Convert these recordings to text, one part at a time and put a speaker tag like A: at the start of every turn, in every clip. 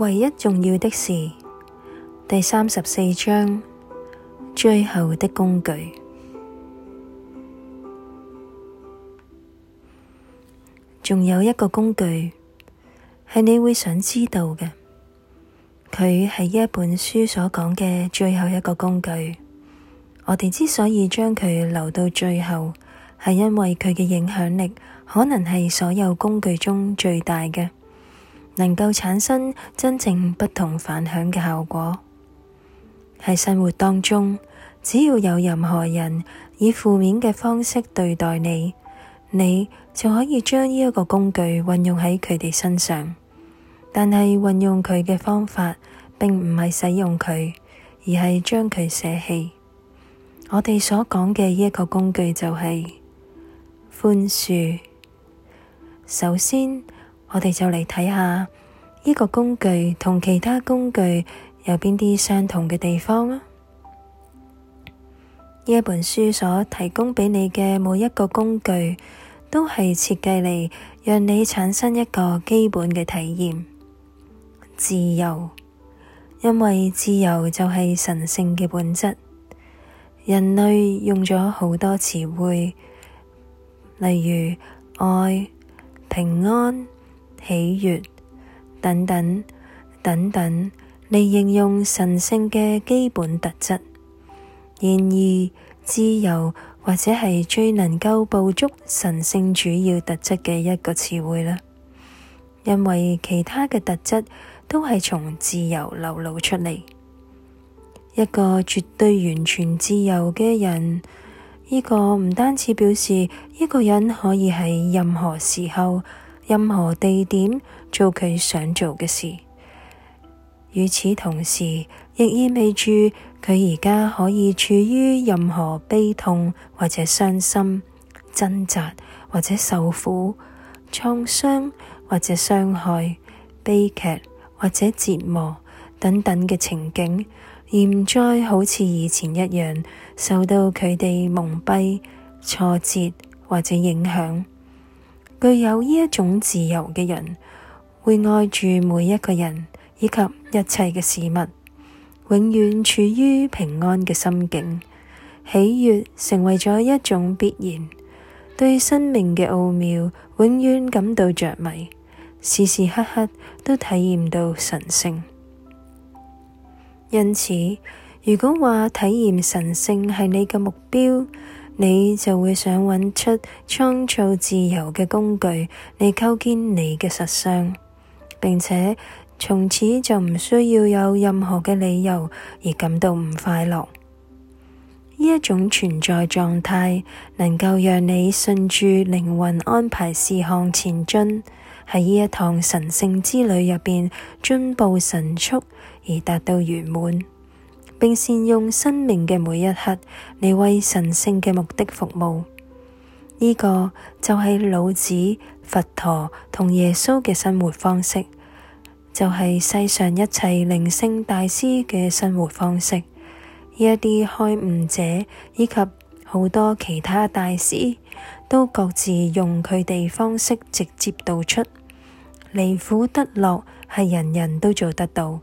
A: 唯一重要的事，第三十四章最後的工具。仲有一個工具，係你會想知道嘅，佢係一本書所講嘅最後一個工具。我哋之所以將佢留到最後，係因為佢嘅影響力可能係所有工具中最大嘅。能夠產生真正不同凡響嘅效果，係生活當中，只要有任何人以負面嘅方式對待你，你就可以將呢一個工具運用喺佢哋身上。但係運用佢嘅方法，並唔係使用佢，而係將佢捨棄。我哋所講嘅呢一個工具就係寬恕。首先，我哋就嚟睇下呢個工具同其他工具有邊啲相同嘅地方啦。呢一本書所提供畀你嘅每一個工具，都係設計嚟讓你產生一個基本嘅體驗——自由，因為自由就係神聖嘅本質。人類用咗好多詞彙，例如愛、平安，喜悅等等等等，嚟形容神聖嘅基本特質。然而，自由或者係最能夠捕捉神聖主要特質嘅一個詞彙啦。因為其他嘅特質都係從自由流露出嚟。一個絕對完全自由嘅人，呢個唔單止表示一個人可以喺任何時候。任何地點做佢想做嘅事，與此同時亦意味住佢而家可以處於任何悲痛或者傷心、掙扎或者受苦、創傷或者傷害、悲劇或者折磨等等嘅情景，而唔再好似以前一樣受到佢哋蒙蔽、挫折或者影響。具有呢一種自由嘅人，會愛住每一個人以及一切嘅事物，永遠處於平安嘅心境，喜悦成為咗一種必然，對生命嘅奧妙永遠感到着迷，時時刻刻都體驗到神性。因此，如果話體驗神性係你嘅目標，你就會想揾出創造自由嘅工具，你構建你嘅實相，並且從此就唔需要有任何嘅理由而感到唔快樂。呢一種存在狀態，能夠讓你順住靈魂安排事項前進，喺呢一趟神聖之旅入邊，進步神速而達到圓滿。並善用生命嘅每一刻，嚟為神聖嘅目的服務。呢、這個就係老子、佛陀同耶穌嘅生活方式，就係、是、世上一切靈性大師嘅生活方式。一啲開悟者以及好多其他大師，都各自用佢哋方式直接道出，離苦得樂係人人都做得到。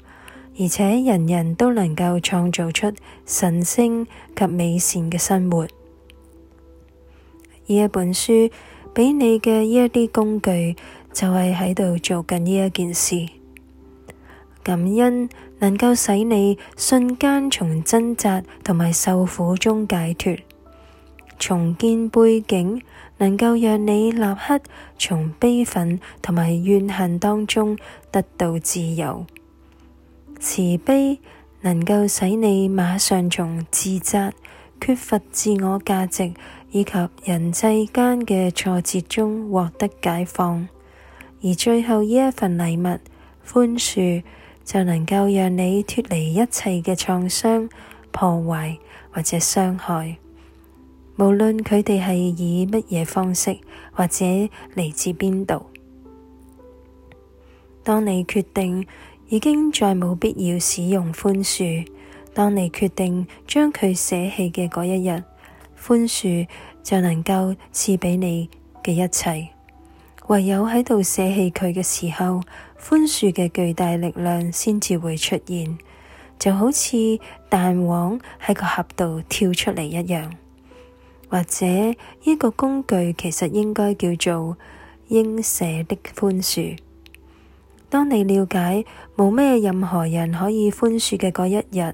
A: 而且人人都能夠創造出神聖及美善嘅生活。呢一本書俾你嘅呢一啲工具，就係喺度做緊呢一件事。感恩能夠使你瞬間從掙扎同埋受苦中解脱；重建背景能夠讓你立刻從悲憤同埋怨恨當中得到自由。慈悲能夠使你馬上從自責、缺乏自我價值以及人際間嘅挫折中獲得解放，而最後呢一份禮物——寬恕，就能夠讓你脫離一切嘅創傷、破壞或者傷害，無論佢哋係以乜嘢方式或者嚟自邊度。當你決定。已經再冇必要使用寬恕。當你決定將佢捨棄嘅嗰一日，寬恕就能夠賜畀你嘅一切。唯有喺度捨棄佢嘅時候，寬恕嘅巨大力量先至會出現，就好似彈簧喺個盒度跳出嚟一樣。或者呢個工具其實應該叫做應捨的寬恕。當你了解冇咩任何人可以寬恕嘅嗰一日，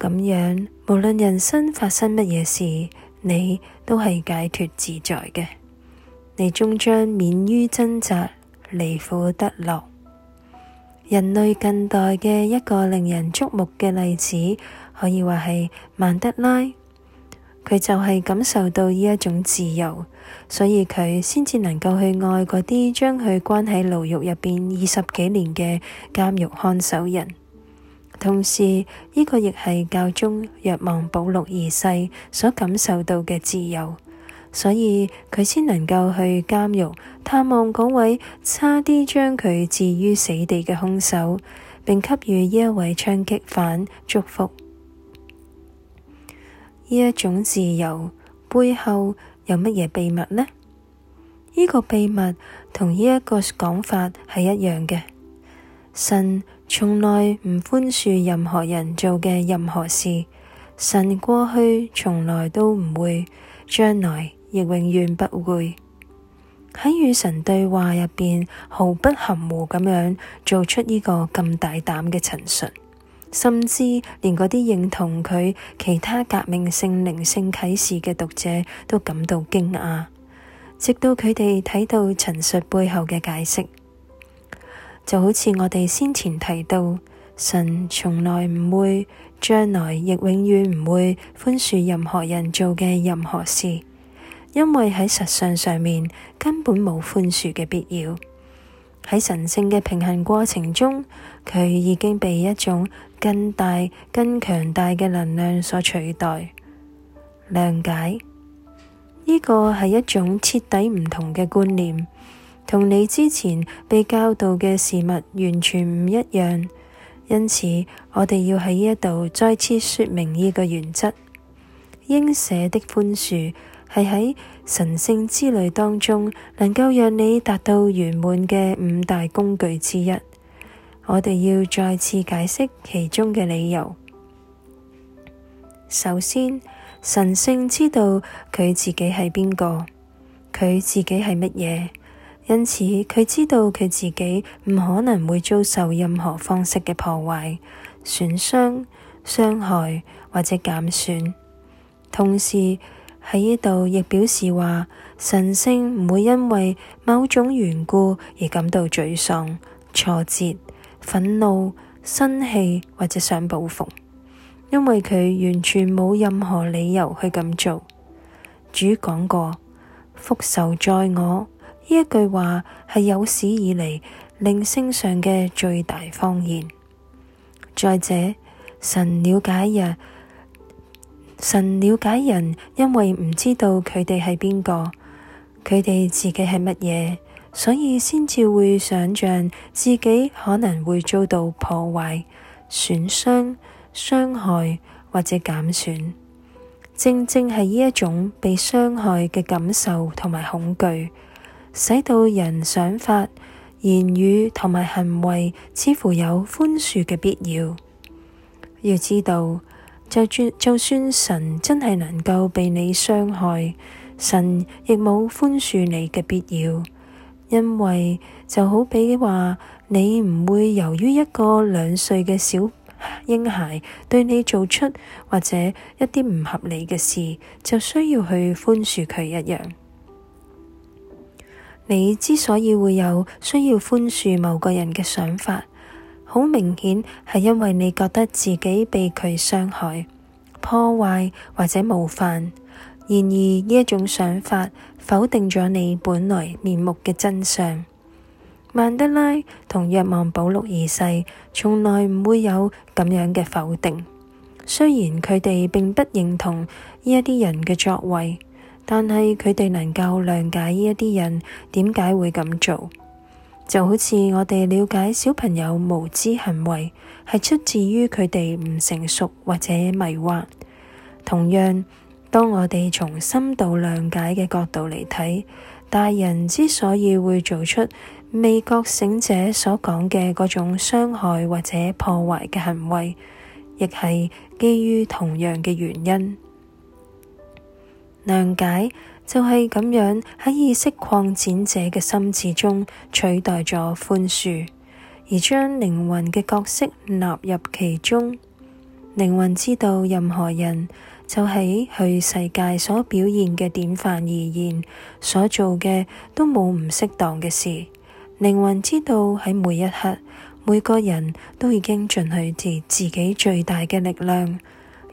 A: 咁樣無論人生發生乜嘢事，你都係解脫自在嘅，你終將免於掙扎，離苦得樂。人類近代嘅一個令人矚目嘅例子，可以話係曼德拉。佢就係感受到呢一種自由，所以佢先至能夠去愛嗰啲將佢關喺牢獄入面二十幾年嘅監獄看守人。同時，呢、這個亦係教宗若望保祿二世所感受到嘅自由，所以佢先能夠去監獄探望嗰位差啲將佢置於死地嘅兇手，並給予呢一位槍擊犯祝福。呢一種自由背後有乜嘢秘密呢？呢個秘密同呢一個講法係一樣嘅。神從來唔寬恕任何人做嘅任何事，神過去從來都唔會，將來亦永遠不會。喺與神對話入邊毫不含糊咁樣做出呢個咁大膽嘅陳述。甚至連嗰啲認同佢其他革命性靈性啟示嘅讀者都感到驚訝，直到佢哋睇到陳述背後嘅解釋，就好似我哋先前提到，神從來唔會、將來亦永遠唔會寬恕任何人做嘅任何事，因為喺實相上面根本冇寬恕嘅必要。喺神聖嘅平衡過程中，佢已經被一種更大、更強大嘅能量所取代。諒解，呢個係一種徹底唔同嘅觀念，同你之前被教導嘅事物完全唔一樣。因此，我哋要喺呢一度再次說明呢個原則：應捨的寬恕。係喺神聖之旅當中，能夠讓你達到圓滿嘅五大工具之一。我哋要再次解釋其中嘅理由。首先，神聖知道佢自己係邊個，佢自己係乜嘢，因此佢知道佢自己唔可能會遭受任何方式嘅破壞、損傷、傷害或者減損，同時。喺呢度亦表示話，神聖唔會因為某種緣故而感到沮喪、挫折、憤怒、生氣或者想報復，因為佢完全冇任何理由去咁做。主講過，復仇在我，呢一句話係有史以嚟令星上嘅最大謊言。再者，神了解日。神了解人，因為唔知道佢哋係邊個，佢哋自己係乜嘢，所以先至會想象自己可能會遭到破壞、損傷、傷害或者減損。正正係呢一種被傷害嘅感受同埋恐懼，使到人想法、言語同埋行為似乎有寬恕嘅必要。要知道，就算就算神真係能夠被你傷害，神亦冇寬恕你嘅必要，因為就好比話你唔會由於一個兩歲嘅小嬰孩對你做出或者一啲唔合理嘅事，就需要去寬恕佢一樣。你之所以會有需要寬恕某個人嘅想法，好明顯係因為你覺得自己被佢傷害、破壞或者冒犯，然而呢一種想法否定咗你本來面目嘅真相。曼德拉同若望保祿二世從來唔會有咁樣嘅否定，雖然佢哋並不認同呢一啲人嘅作為，但係佢哋能夠諒解呢一啲人點解會咁做。就好似我哋了解小朋友無知行為，係出自於佢哋唔成熟或者迷惑，同樣，當我哋從深度諒解嘅角度嚟睇，大人之所以會做出未覺醒者所講嘅嗰種傷害或者破壞嘅行為，亦係基於同樣嘅原因。諒解就係咁樣喺意識擴展者嘅心智中取代咗寬恕，而將靈魂嘅角色納入其中。靈魂知道任何人就喺佢世界所表現嘅典範而言，所做嘅都冇唔適當嘅事。靈魂知道喺每一刻，每個人都已經盡佢自己最大嘅力量，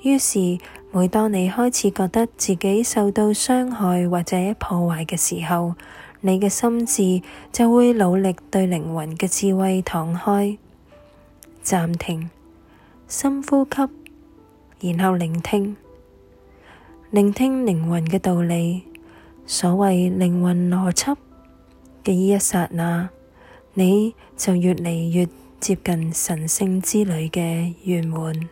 A: 於是。每當你開始覺得自己受到傷害或者破壞嘅時候，你嘅心智就會努力對靈魂嘅智慧敞開，暫停，深呼吸，然後聆聽，聆聽靈魂嘅道理，所謂靈魂邏輯嘅呢一剎那，你就越嚟越接近神性之旅嘅圓滿。